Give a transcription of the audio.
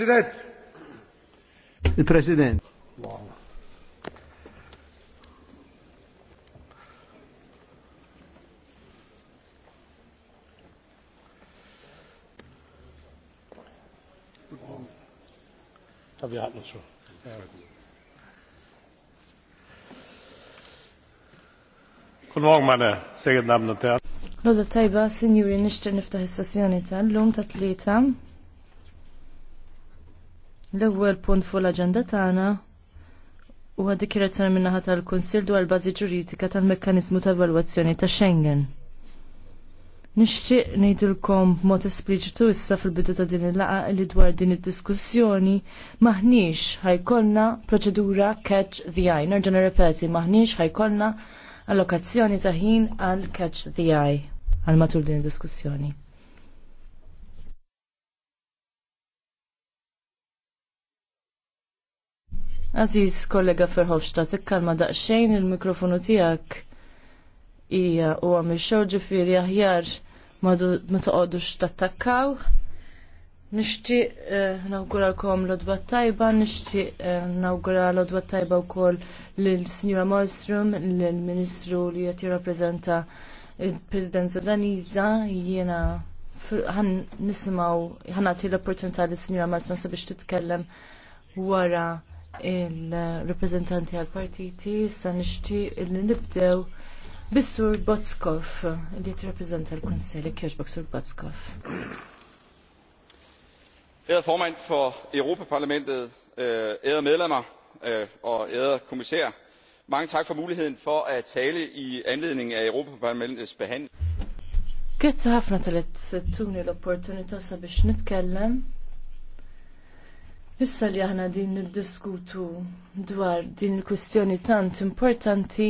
President. Il-President. Wow. Tabiħat nasu. Kun morgen, meine sehr geehrten Damen und Herren. Lola tajba, signori, nishtir niftaħ il sessjoni tal-lum ta' tlieta. L-ewwel punt fuq l-aġenda tagħna huwa dikjerazzjoni min naħa tal-Kunsill dwar bażi ġuridika tal-mekkaniżmu ta' evalwazzjoni ta' Schengen. Nixtieq ngħidilkom b'mod espliċitu issa fil-bidu ta' din il laqgħa li dwar din id-diskussjoni maħniex ħajkollna proċedura catch the eye. Nerġa' nirrepeti maħniex ħajkollna allokazzjoni ta' ħin għal catch the eye għal matul din id-diskussjoni. Aziz kollega Ferhofstadt, ikkalma daqxejn il-mikrofonu tijak ija u għam il-xor ġifiri aħjar ma toqodux tattakkaw. Nishti eh, eh, nawgura l-odba tajba, nishti nawgura l-odba tajba u kol l-Signora Malmström, l-Ministru li jati rappresenta il-Presidenza Daniza, jiena għan nisimaw, għan għati l-opportunità l Signora Malmström sabiex titkellem wara il-reprezentanti għal-partiti sa nixti li nibdew bis-Sur Botskov li t-reprezenta l-Konsell Kirchberg Sur Botskov. Ærede formand for Europaparlamentet, eh, ærede medlemmer eh, og ærede kommissær, mange tak for muligheden for at tale i anledning af Europaparlamentets behandling. Grazie ħafna tal-tuni l-opportunità sabiex nitkellem Issa li aħna din niddiskutu dwar din il-kwistjoni tant importanti,